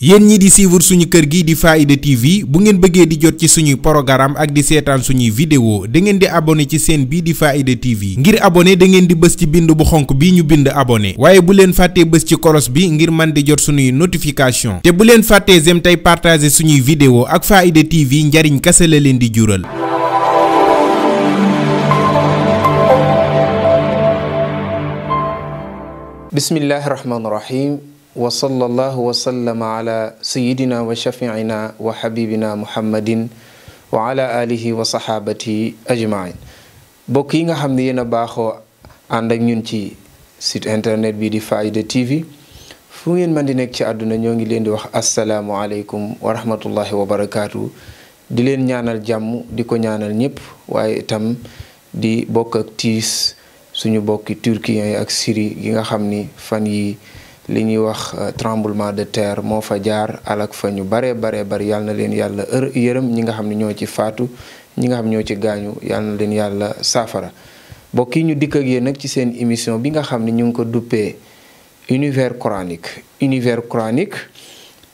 yéen ñi di suivre suñu kër gi di Faaida TV bu ngeen bëggee di jot ci suñuy programme ak di seetaan suñuy vidéo da ngeen di abonné ci seen bii di Faaida TV ngir abonné da ngeen di bës ci bind bu xonk bi ñu bind abonné waaye bu leen fàttee bës ci kolos bi ngir man di jot suñuy notification te bu leen fàttee zem tey partagé suñuy vidéo ak Faaida TV njariñ kase la leen di jural bismillahi wa sallallahu wa sallama ala sayidina wa shafiina wa xabibina muhammadin wa ala alihi wa saxaabati ajmain bokk yi nga xam ne yéen a baaxoo ànd ak ñun ci site internet bi di Faaida TV fu ngeen mën di nekk ci àdduna ñoo ngi leen di wax asalaamualeykum wa rahmatullahi wa barakaatu di leen ñaanal jàmm di ko ñaanal ñëpp waaye itam di bokk ak tiis suñu bokki turkiyen yi ak Syrie yi nga xam ni fan yi li ñuy wax euh, tremblement de terre moo fa jaar alak fa ñu baree baree bari yàlla na leen yàlla ër yërëm ñi nga xam ne ñoo ci faatu ñi nga xam ñoo ci gaañu yàlla na leen yàlla saafara mbokk yi ñu dikk ak yéen nag ci seen émission bi nga xam ne ñu ngi ko duppee univers coranique univers coranique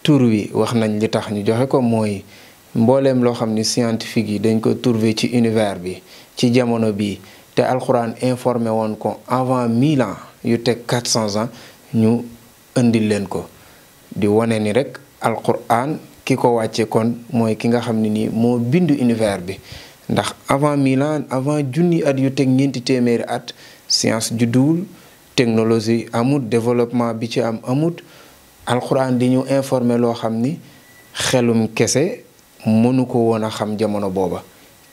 tour wi wax nañ li tax ñu joxe ko mooy mbooleem loo xam ni scientifique yi dañ ko trouvé ci univers bi ci jamono bi te alxuraan informé woon ko avant mille ans yu teg quatre cents ans indil leen ko di wane ni rek alquran ki ko wàcce kon mooy ki nga xam ne nii moo bind univers bi ndax avant mille avant junni at yu teg ñeenti téeméeri at science judduwul technologie amut développement bi ci am amut alquran di ñu informer loo xam ni xelum kese mënu ko woon a xam jamono booba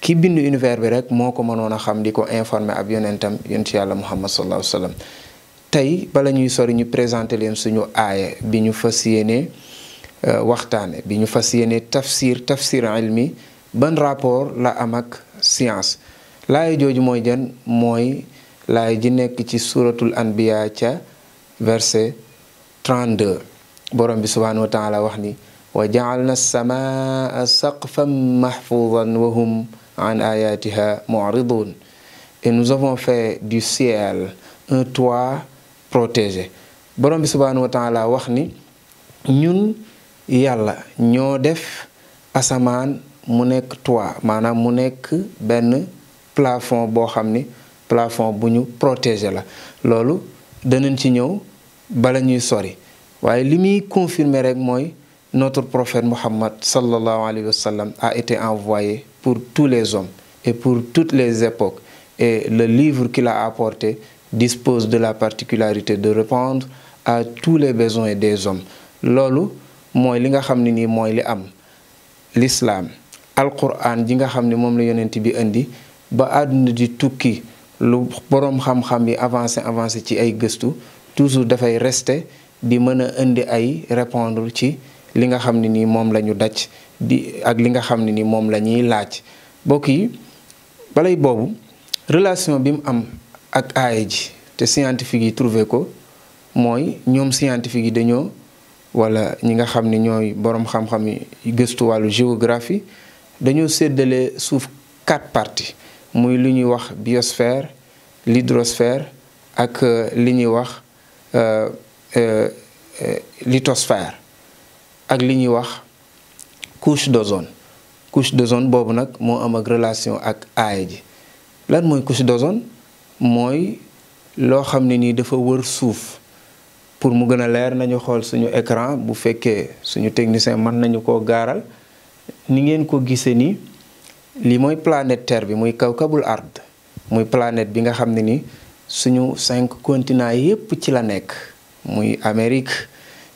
ki bind univers bi rek moo ko mënoon a xam di ko informer ab yonentam yonent yàlla muhammad sallallahu alayhi wa sallam tey bala ñuy sori ñu présenté leen suñu aaya bi ñu fas yéene euh, waxtaane bi ñu fas yéene tafsir tafsir ilmi ban rapport la amak ak science laaya jooju mooy jan mooy laaya ji nekk ci suratul anbiya ca verset 32 borom bi subhanahu wa wax ni wa ja'alna as saq fa mahfuzan wa hum an ayatiha mu'ridun et nous du ciel un toit protéger borom bi subhaanahu wa taala wax ni ñun yàlla ñoo def asamaan mu nekk toit maanaam mu nekk benn plafond boo xam ni plafond bu ñu protéger la loolu danañ ci ñëw bala ñuy sori waaye li muy confirmer rek mooy notre prophète Muhammad sallallahu alayhi wa sallam a été envoyé pour tous les hommes et pour toutes les époques et le livre qu'il a apporté dispose de la particularité de répondre à tous les besoins des hommes loolu mooy li nga xam ne nii mooy li am l'islaam alquran ji nga xam ne moom la yonent bi indi ba àdduna di tukki lu boroom xam-xam yi avancé avancé ci ay gëstu toujours dafay rester di mën a indi ay répondre ci li nga xam ne nii moom la ñu daj di ak li nga xam ne nii moom la ñuy laaj mbokk yi balay boobu relation bi mu am ak aaya ji te scientifique yi trouver ko mooy ñoom scientifique yi dañoo wala ñi nga xam ni ñooy boroom xam-xam yi gëstu wàllu géographie dañoo séddale suuf quatre partie muy li ñuy wax biosphère l'hydrosphère ak euh, li ñuy wax euh, euh, lithosphère ak li ñuy wax couche d'ozone couche d'ozone boobu nag moo am ak relation ak aaya ji lan mooy couche d'ozone mooy loo xam ne nii dafa wër suuf pour mu gën a leer nañu xool suñu écran bu fekkee suñu technicien mën nañu koo gaaral ni ngeen ko gisee ni li mooy planète terre bi muy kaw kabul ard muy planète bi nga xam ne ni suñu cinq continents yépp ci la nekk muy amerique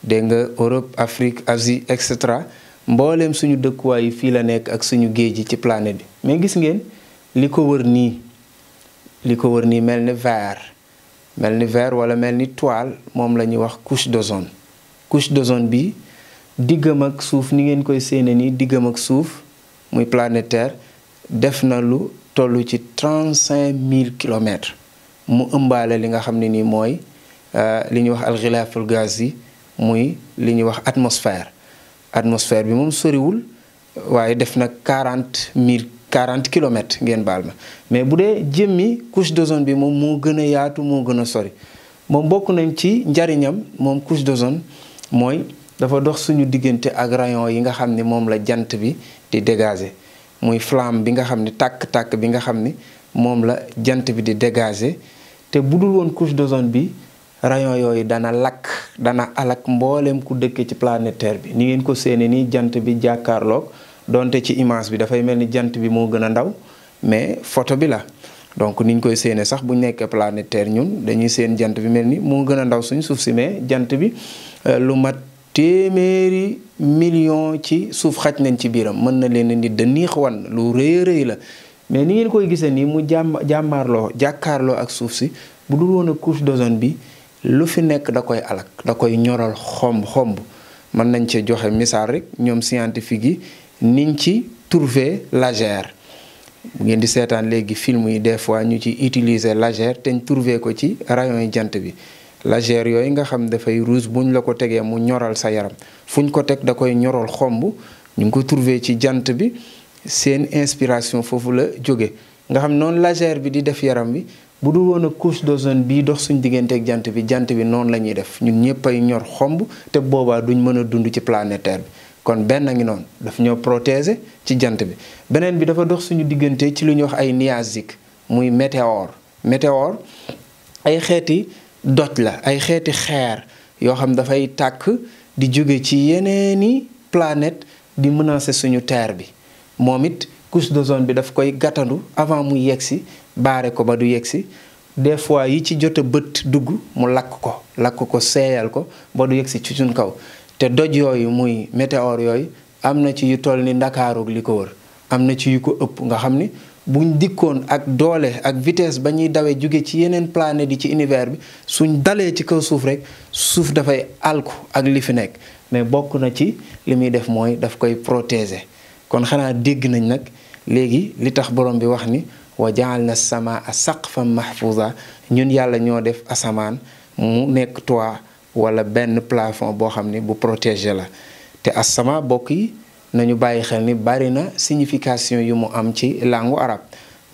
dégg nga Europe Afrique Asie et cetera mbooleem suñu dëkkuwaay yi fii la nekk ak suñu géej gi ci planète bi mais gis ngeen li ko wër nii li ko wër nii mel ni verre mel ni verre wala mel ni toile moom la ñuy wax couche zone couche d'ozone bi diggam ak suuf ni ngeen koy séene nii diggam ak suuf muy planétaire def na lu toll ci trente cinq mille kilomètres mu ëmbale li nga xam ne nii mooy euh, li ñuy wax alxilaaful gaz yi muy li ñuy wax atmosphère atmosphère bi moom soriwul waaye def na quarante mille quarante kilomètres ngeen baal ma mais bu dee jëmmi couche d'ozone bi moom moo gën a yaatu moo gën a sori moom bokk nañ ci njariñam moom couche d'ozone mooy dafa dox suñu diggante ak rayon yi nga xam ni moom la jant bi di dégager muy flame bi nga xam ni tàkk-tàkk bi nga xam ni moom la jant bi di dégager te bu dul woon couche d'ozone bi rayon yooyu dana lakk dana alak mboolem ku dëkke ci planetaire bi ni ngeen ko séenee nii jant bi jàkkaarloog donte ci image bi dafay mel ni jant bi moo gën a ndaw mais photo bi la donc niñ koy séenee sax bu ñu nekkee planète ñun dañuy séen jant bi mel ni moo gën a ndaw suñ suuf si mais jant bi euh, lu mat téeméeri ci suuf xaj nañ ci biiram mën na leen nit da niix wan lu rëy rëy la mais ni ngeen koy gisee nii mu jàmm jàmmaarloo jàkkaarloo ak suuf si bu dul woon a couche d'ozone bi lu fi nekk da koy alak da koy ñoral xomb xomb mën nañ cee joxe misaal rek ñoom scientifique yi niñ ci trouver lagère bu ngeen di seetaan léegi film yi des fois ñu ci utiliser lagère te ñu trouver ko ci rayon yi jant bi lagère yooyu nga xam dafay rouge buñ la ko tegee mu ñoral sa yaram fuñ ko teg da koy ñoral xomb ñu ngi ko trouver ci jant bi seen inspiration foofu la jóge nga xam noonu lagère bi di def yaram bi bu dul woon a de zone bii dox suñ digganteeg jant bi jant bi noonu la ñuy def ñun ñëpp ay ñor xomb te boobaa duñ mën a dund ci planétaire bi kon benn ngi noonu daf ñoo protéger ci jant bi beneen bi dafa dox suñu diggante ci lu ñuy wax ay nuages muy météore météore ay xeeti doj la ay xeeti xeer yoo xam dafay tàkk di jóge ci yeneeni planète di menacer suñu terre bi moom it couche d'ozone bi daf koy gàttandu avant mu yegsi baare ko ba du yegsi des fois yi ci jot bët dugg mu lakk ko lakk ko seeyal ko ba du yegsi ci suñ kaw te doj yooyu muy météore yooyu am na ci yu toll ni ndakaarug li ko wër am na ci yu ko ëpp nga xam ni buñ dikkoon ak doole ak vitesse ba ñuy dawee jóge ci yeneen planète yi ci univers bi suñ dalee ci ko suuf rek suuf dafay alku ak li fi nekk mais bokk na ci li muy def mooy daf koy protéger kon xanaa dégg nañ nag léegi li tax borom bi wax ni wa jaal na sama a saqfan mahfuusa ñun yàlla ñoo def asamaan mu nekk toit wala benn plafon boo xam ni bu protégé la te asama bokk yi nañu bàyyi xel ni bari na signification yu mu am ci langue arabe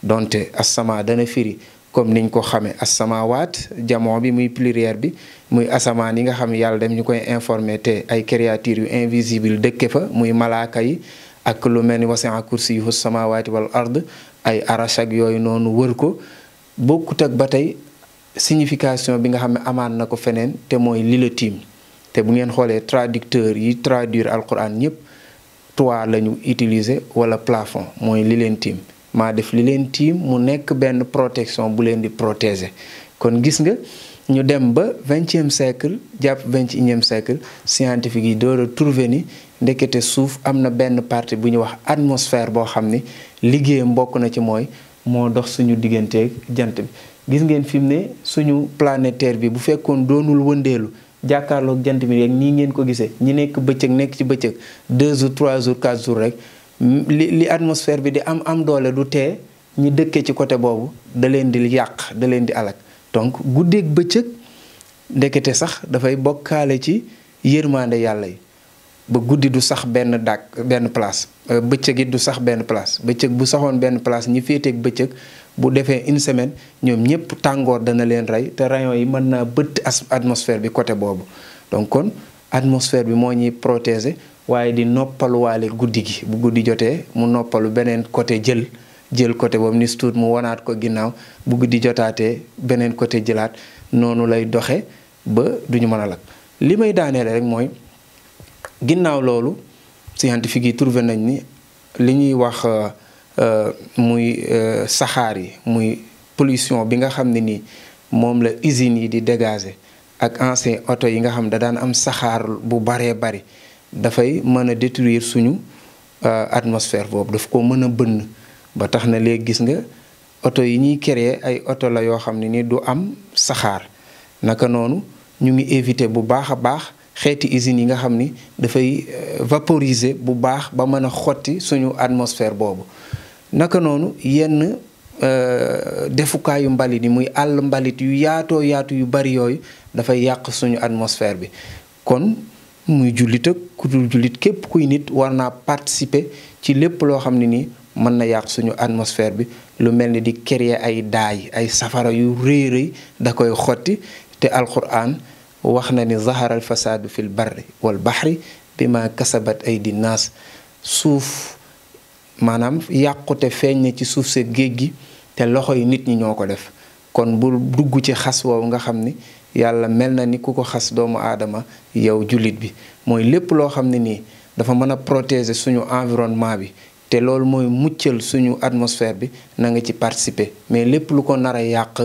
donte asama dana firi comme niñ ko xamee waat jamon bi muy pluriel bi muy asamaan yi nga xam yàlla dem ñu koy informer te ay créatures yu invisible dëkke fa muy malaaka yi ak lu mel ni wasi'a kursiyuhu samawaati wal ard ay arach yooyu noonu wër ko bokkut ak ba tey signification bi nga xam ne amaan na ko feneen te mooy li la tiim te bu ngeen xoolee traducteur yi traduire alquran ñëpp toit la ñu utiliser wala plafond mooy li leen tiim maa def li leen tiim mu nekk benn protection bu leen di protéger kon gis nga ñu dem ba vingtième siècle jàpp vingt et unième scientifique yi door a trouver ni ndekete suuf am na benn partie bu ñuy wax atmosphère boo xam ni liggéey mbokk na ci mooy moo dox suñu digganteeg jant bi gis ngeen fi mu ne suñu planetaire bi bu fekkoon doonul wëndeelu jàkkaarloog jant bi rek nii ngeen ko gisee ñi nekk bëccëg nekk ci bëccëg deux jours trois jours quatre jour rek li li atmosphère bi di am am doole du tee ñi dëkkee ci côté boobu da leen di yàq da leen di alak donc guddeeg bëccëg ndekete sax dafay bokkaale ci yërmaande yàlla yi ba guddi du sax benn dàkk benn place euh, bëccëg it du sax benn place bëccëg bu saxoon benn place ñi féeteeg bëccëg bu defee une semaine ñoom ñëpp tàngoor dana leen rey te rayon yi mën naa bëtt atmosphère bi côté boobu donc kon atmosphère bi moo ñuy protéger waaye di noppaluwaale guddi gi bu guddi jotee mu noppalu beneen côté jël jël côté boobu ni tuut mu wanaat ko ginnaaw bu guddi jotaatee beneen côté jëlaat noonu lay doxe ba duñu mën a lakk li may daaneele rek mooy ginnaaw loolu scientifique yi trouver nañ ni li ñuy wax euh, Euh, muy euh, saxaar yi muy pollution bi nga xam ne nii moom la usines yi di dégager ak ancien oto yi nga xam da daan am saxaar bu baree bari dafay mën a détruire suñu euh, atmosphère boobu daf ko mën a bënn ba tax na léegi gis nga oto yi ñuy créer ay oto la yoo xam ne ni du am saxaar naka noonu ñu ngi éviter bu baax a baax xeeti usines yi nga xam ni dafay vaporiser bu baax ba mën a xotti suñu atmosphère boobu naka noonu yenn euh, defukaayu mbalit yi muy àll mbalit yu yaatoo yaatu yu bari yooyu dafay yàq suñu atmosphère bi kon muy jullit ak ku dul jullit képp kuy nit war naa participer ci lépp loo xam ne nii mën na yàq suñu atmosphère bi lu mel ni di créer ay daay ay safara yu rëy rëy da koy xotti te alquran wax na ni zaharal fasaadu fil bari wal baxri bi ma kasabat ay dinaas suuf maanaam yàqute feeñ ne ci suuf sa géej gi te loxo yi nit ñi ñoo ko def kon bu dugg ci xas woowu nga xam ni yàlla mel na ni ku ko xas doomu aadama yow jullit bi mooy lépp loo xam ne nii dafa mën a protéger suñu environnement bi te loolu mooy muccal suñu atmosphère bi na nga ci participer mais lépp lu ko nar a yàq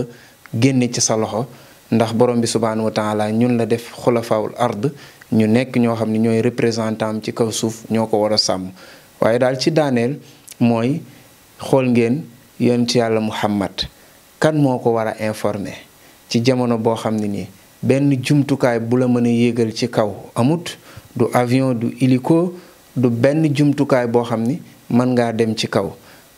génne ci sa loxo ndax borom bi subhaanahu wa taala ñun la def xulafawul ard ñu nekk ñoo xam ne ñooy représentant am ci kaw suuf ñoo ko war a sàmm waaye daal ci daaneel mooy xool ngeen yonent yàlla Muhammad kan moo ko war a informer ci jamono boo xam ne nii benn jumtukaay bu la mën a yéegal ci kaw amut du avion du hélico du benn jumtukaay boo xam ni mën ngaa dem ci kaw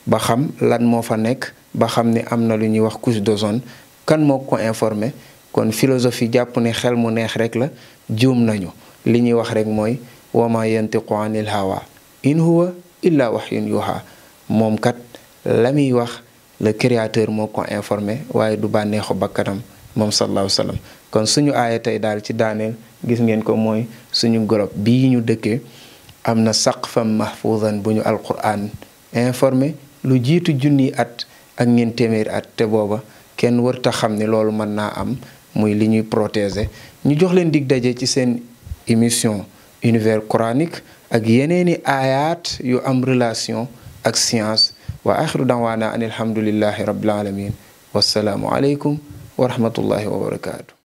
ba xam lan moo fa nekk ba xam ni am na lu ñuy wax couche d'ozone kan moo ko informé kon philosophie jàpp ni xel mu neex rek la juum nañu li ñuy wax rek mooy wama yantiqu anil hawa in huwa illa wahyun yuha moom kat la muy wax la créateur moo ko informé waaye du bànneexu bakkanam moom sallallahu alayhi wa kon suñu aaya tey daal ci daaneel gis ngeen ko mooy suñu gorob bii ñu dëkkee am na saq saqfam mahfuuzan bu ñu alquran informé lu jiitu junni at ak ñeent téeméeri at te booba kenn warta xam ne loolu mën naa am muy li ñuy protéger ñu jox leen dig daje ci seen émission univers coranique ak yeneeni aayaat yu am relation ak science wa axiru dawaana an alhamdulillahi rabbil alamin wassalaamu aleykum wa wa barakaatu